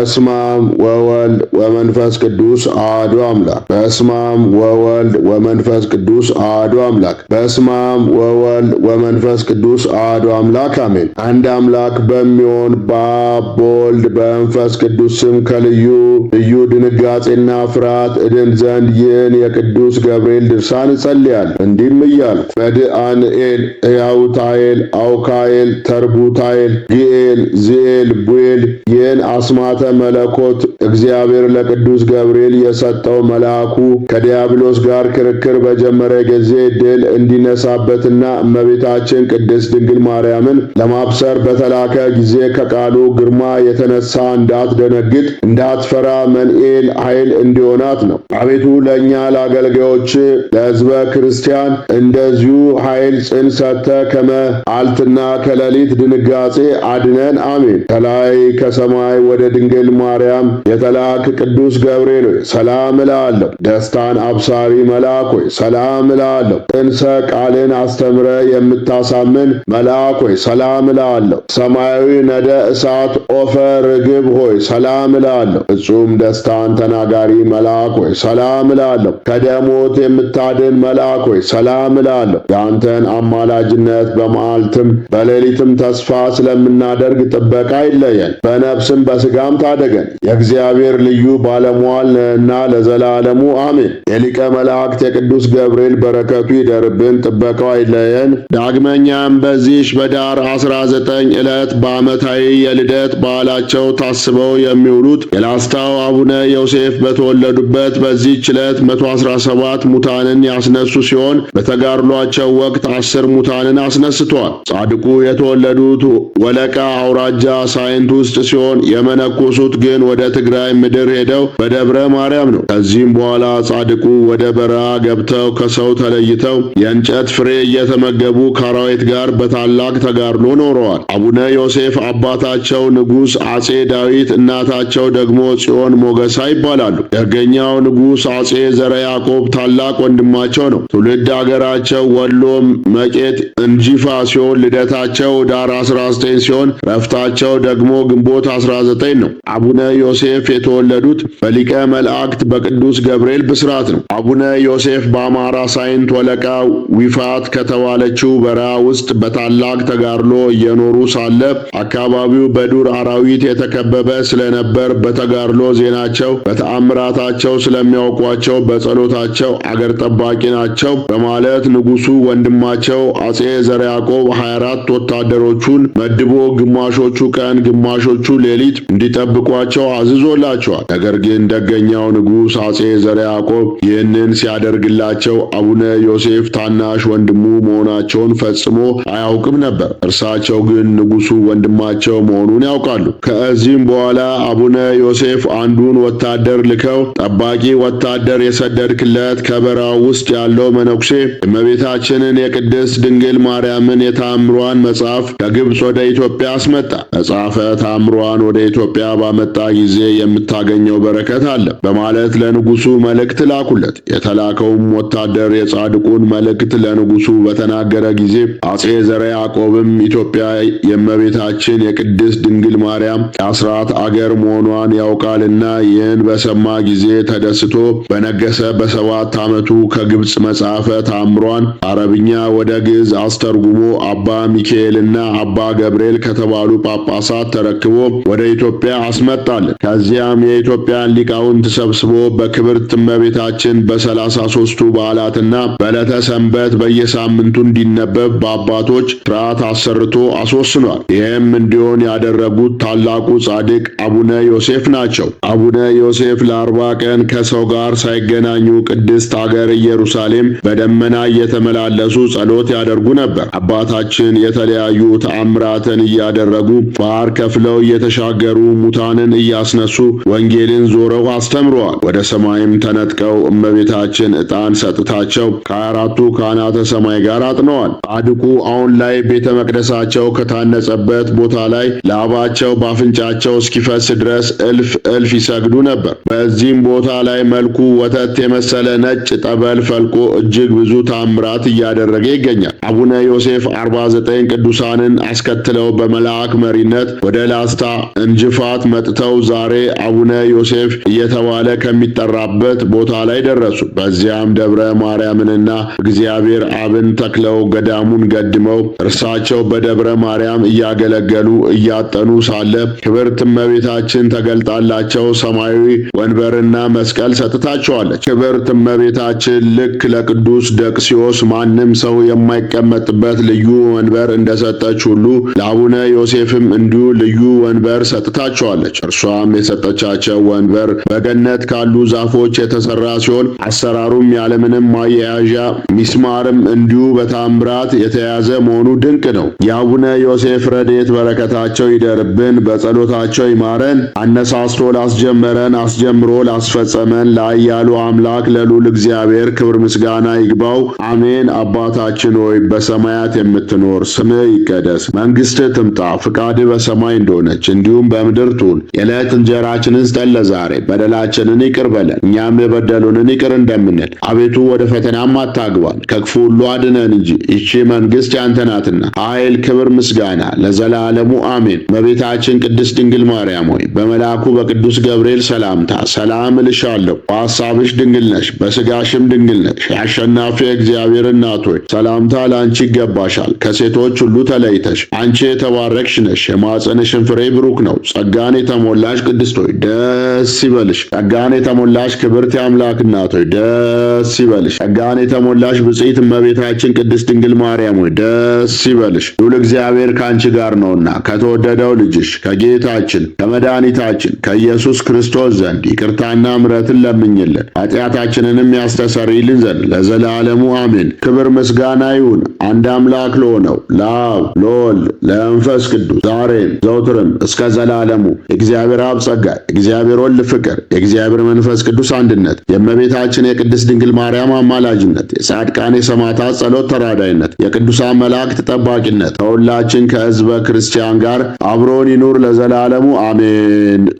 በስማም ወወልድ ወመንፈስ ቅዱስ አሐዱ አምላክ። በስማም ወወልድ ወመንፈስ ቅዱስ አሐዱ አምላክ። በስማም ወወልድ ወመንፈስ ቅዱስ አሐዱ አምላክ አሜን። አንድ አምላክ በሚሆን በአብ በወልድ በመንፈስ ቅዱስ ስም ከልዩ ልዩ ድንጋጼና ፍርሃት እድን ዘንድ ይህን የቅዱስ ገብርኤል ድርሳን እጸልያል እንዲህም እያል መድአንኤል ሕያውታኤል አውካኤል ተርቡታኤል ግኤል ዝኤል ቡኤል ይህን አስማተ መለኮት እግዚአብሔር ለቅዱስ ገብርኤል የሰጠው መልአኩ ከዲያብሎስ ጋር ክርክር በጀመረ ጊዜ ድል እንዲነሳበትና እመቤታችን ቅድስት ድንግል ማርያምን ለማብሰር በተላከ ጊዜ ከቃሉ ግርማ የተነሳ እንዳትደነግጥ እንዳትፈራ መንኤ የሕዝቅኤል ኃይል እንዲሆናት ነው። አቤቱ ለእኛ ለአገልጋዮች ለሕዝበ ክርስቲያን እንደዚሁ ኃይል ጽን ሰተ ከመ አልትና ከሌሊት ድንጋጼ አድነን፣ አሜን። ከላይ ከሰማይ ወደ ድንግል ማርያም የተላክ ቅዱስ ገብርኤል ሆይ ሰላም እላለሁ። ደስታን አብሳሪ መልአክ ሆይ ሰላም እላለሁ። ጥንሰ ቃልን አስተምረ የምታሳምን መልአክ ሆይ ሰላም እላለሁ። ሰማያዊ ነደ እሳት ኦፈ ርግብ ሆይ ሰላም እላለሁ። እጹም ደስታ ቅዱሳን ተናጋሪ መልአክ ሆይ ሰላም እላለሁ። ከደሞት የምታድን መልአክ ሆይ ሰላም እላለሁ። የአንተን አማላጅነት በመዓልትም በሌሊትም ተስፋ ስለምናደርግ ጥበቃ ይለየን፣ በነፍስም በስጋም ታደገን። የእግዚአብሔር ልዩ ባለሟል እና ለዘላለሙ አሜን። የሊቀ መላእክት የቅዱስ ገብርኤል በረከቱ ይደርብን፣ ጥበቃው አይለየን። ዳግመኛም በዚሽ በዳር 19 ዕለት በዓመታዊ የልደት በዓላቸው ታስበው የሚውሉት የላስታው አቡነ ዮሴፍ በተወለዱበት በዚህች ዕለት 117 ሙታንን ያስነሱ ሲሆን በተጋድሏቸው ወቅት አስር ሙታንን አስነስቷል። ጻድቁ የተወለዱት ወለቃ አውራጃ ሳይንት ውስጥ ሲሆን የመነኮሱት ግን ወደ ትግራይ ምድር ሄደው በደብረ ማርያም ነው። ከዚህም በኋላ ጻድቁ ወደ በረሃ ገብተው ከሰው ተለይተው የእንጨት ፍሬ እየተመገቡ ከአራዊት ጋር በታላቅ ተጋድሎ ኖረዋል። አቡነ ዮሴፍ አባታቸው ንጉሥ አጼ ዳዊት፣ እናታቸው ደግሞ ጽዮን ሞገሳ ይባላሉ። ደገኛው ንጉሥ አጼ ዘረ ያዕቆብ ታላቅ ወንድማቸው ነው። ትውልድ አገራቸው ወሎ መቄት እንጂፋ ሲሆን ልደታቸው ዳር 19 ሲሆን ረፍታቸው ደግሞ ግንቦት 19 ነው። አቡነ ዮሴፍ የተወለዱት በሊቀ መላእክት በቅዱስ ገብርኤል ብስራት ነው። አቡነ ዮሴፍ በአማራ ሳይንት ወለቃ ዊፋት ከተባለችው በረሃ ውስጥ በታላቅ ተጋድሎ እየኖሩ ሳለ አካባቢው በዱር አራዊት የተከበበ ስለነበር በተጋድሎ ዜናቸው ናቸው። በተአምራታቸው ስለሚያውቋቸው በጸሎታቸው አገር ጠባቂ ናቸው በማለት ንጉሱ ወንድማቸው አጼ ዘረ ያዕቆብ 24 ወታደሮቹን መድቦ ግማሾቹ ቀን ግማሾቹ ሌሊት እንዲጠብቋቸው አዝዞላቸዋል። ነገር ግን ደገኛው ንጉሥ አጼ ዘረ ያዕቆብ ይህንን ሲያደርግላቸው አቡነ ዮሴፍ ታናሽ ወንድሙ መሆናቸውን ፈጽሞ አያውቅም ነበር። እርሳቸው ግን ንጉሱ ወንድማቸው መሆኑን ያውቃሉ። ከዚህም በኋላ አቡነ ዮሴፍ አንዱን ወታደር ልከው ጠባቂ ወታደር የሰደድክለት ከበራው ውስጥ ያለው መነኩሴ እመቤታችንን የቅድስት ድንግል ማርያምን የታምሯን መጽሐፍ ከግብፅ ወደ ኢትዮጵያ አስመጣ። መጽሐፈ ታምሯን ወደ ኢትዮጵያ ባመጣ ጊዜ የምታገኘው በረከት አለ በማለት ለንጉሱ መልእክት ላኩለት። የተላከውም ወታደር የጻድቁን መልእክት ለንጉሱ በተናገረ ጊዜ አጼ ዘረ ያዕቆብም ኢትዮጵያ የእመቤታችን የቅድስት ድንግል ማርያም የአስራት አገር መሆኗን ያውቃልና ይህን በሰማ ጊዜ ተደስቶ በነገሰ በሰባት ዓመቱ ከግብፅ መጽሐፈ ተአምሯን አረብኛ ወደ ግዕዝ አስተርጉሞ አባ ሚካኤልና አባ ገብርኤል ከተባሉ ጳጳሳት ተረክቦ ወደ ኢትዮጵያ አስመጣል። ከዚያም የኢትዮጵያን ሊቃውንት ሰብስቦ በክብርት ትመቤታችን በሰላሳ ሦስቱ በዓላትና በዕለተ ሰንበት በየሳምንቱ እንዲነበብ በአባቶች ስርዓት አሰርቶ አስወስኗል። ይህም እንዲሆን ያደረጉት ታላቁ ጻድቅ አቡነ ዮሴፍ ናቸው። አቡነ ዮሴፍ ለአርባ ቀን ከሰው ጋር ሳይገናኙ ቅድስት አገር ኢየሩሳሌም በደመና እየተመላለሱ ጸሎት ያደርጉ ነበር። አባታችን የተለያዩ ተአምራትን እያደረጉ ባህር ከፍለው እየተሻገሩ ሙታንን እያስነሱ ወንጌልን ዞረው አስተምረዋል። ወደ ሰማይም ተነጥቀው እመቤታችን ዕጣን ሰጥታቸው ከአራቱ ካህናተ ሰማይ ጋር አጥነዋል። አድቁ አሁን ላይ ቤተ መቅደሳቸው ከታነጸበት ቦታ ላይ ላባቸው በአፍንጫቸው እስኪፈስ ድረስ እልፍ እልፍ ይሰግዱ ነበር። በዚህም ቦታ ላይ መልኩ ወተት የመሰለ ነጭ ጠበል ፈልቆ እጅግ ብዙ ታምራት እያደረገ ይገኛል። አቡነ ዮሴፍ 49 ቅዱሳንን አስከትለው በመልአክ መሪነት ወደ ላስታ እንጅፋት መጥተው ዛሬ አቡነ ዮሴፍ እየተባለ ከሚጠራበት ቦታ ላይ ደረሱ። በዚያም ደብረ ማርያምንና እግዚአብሔር አብን ተክለው ገዳሙን ገድመው እርሳቸው በደብረ ማርያም እያገለገሉ እያጠኑ ሳለ ክብርት እመቤታችን ተገልጣላቸው ሰማይ ሰማያዊ ወንበርና መስቀል ሰጥታቸዋለች። ክብርት እመቤታችን ልክ ለቅዱስ ደቅሲዮስ ማንም ሰው የማይቀመጥበት ልዩ ወንበር እንደሰጠች ሁሉ ለአቡነ ዮሴፍም እንዲሁ ልዩ ወንበር ሰጥታቸዋለች። እርሷም የሰጠቻቸው ወንበር በገነት ካሉ ዛፎች የተሰራ ሲሆን አሰራሩም ያለምንም ማያያዣ ሚስማርም እንዲሁ በታምራት የተያዘ መሆኑ ድንቅ ነው። የአቡነ ዮሴፍ ረድኤት በረከታቸው ይደርብን፣ በጸሎታቸው ይማረን። አነሳስቶ ላስጀመረ ከጀመረን አስጀምሮ ላስፈጸመን ለኃያሉ አምላክ ለሉል እግዚአብሔር ክብር ምስጋና ይግባው፣ አሜን። አባታችን ሆይ በሰማያት የምትኖር ስምህ ይቀደስ፣ መንግሥትህ ትምጣ፣ ፍቃድህ በሰማይ እንደሆነች እንዲሁም በምድር ትሁን። የዕለት እንጀራችንን ስጠን ለዛሬ፣ በደላችንን ይቅር በለን እኛም የበደሉንን ይቅር እንደምንል፣ አቤቱ ወደ ፈተናም አታግባን ከክፉ ሁሉ አድነን እንጂ ይቺ መንግሥት ያንተ ናትና ኃይል፣ ክብር፣ ምስጋና ለዘላለሙ አሜን። እመቤታችን ቅድስት ድንግል ማርያም ሆይ በመልአኩ በቅዱስ ገብርኤል ሰላምታ ሰላም እልሻለሁ። በሐሳብሽ ድንግል ነሽ፣ በሥጋሽም ድንግል ነሽ። የአሸናፊ እግዚአብሔር እናት ሆይ ሰላምታ ለአንቺ ይገባሻል። ከሴቶች ሁሉ ተለይተሽ አንቺ የተባረክሽ ነሽ፣ የማኅፀንሽን ፍሬ ብሩክ ነው። ጸጋን የተሞላሽ ቅድስት ሆይ ደስ ይበልሽ። ጸጋን የተሞላሽ ክብርት የአምላክ እናት ሆይ ደስ ይበልሽ። ጸጋን የተሞላሽ ብጽሕት እመቤታችን ቅድስት ድንግል ማርያም ሆይ ደስ ይበልሽ። ልዑል እግዚአብሔር ከአንቺ ጋር ነውና ከተወደደው ልጅሽ ከጌታችን ከመድኃኒታችን ከኢየሱስ ክርስቶስ ትፈውሰው ዘንድ ይቅርታና ምረትን ለምኝልን ኃጢአታችንንም ያስተሰርይልን ዘንድ ለዘላለሙ አሜን። ክብር ምስጋና ይሁን አንድ አምላክ ለሆነው ለአብ ለወልድ ለመንፈስ ቅዱስ ዛሬም ዘውትርም እስከ ዘላለሙ። የእግዚአብሔር አብ ጸጋ፣ የእግዚአብሔር ወልድ ፍቅር፣ የእግዚአብሔር መንፈስ ቅዱስ አንድነት፣ የእመቤታችን የቅድስት ድንግል ማርያም አማላጅነት፣ የጻድቃን የሰማዕታት ጸሎት ተራዳይነት፣ የቅዱሳን መላእክት ጠባቂነት ከሁላችን ከሕዝበ ክርስቲያን ጋር አብሮን ይኑር ለዘላለሙ አሜን።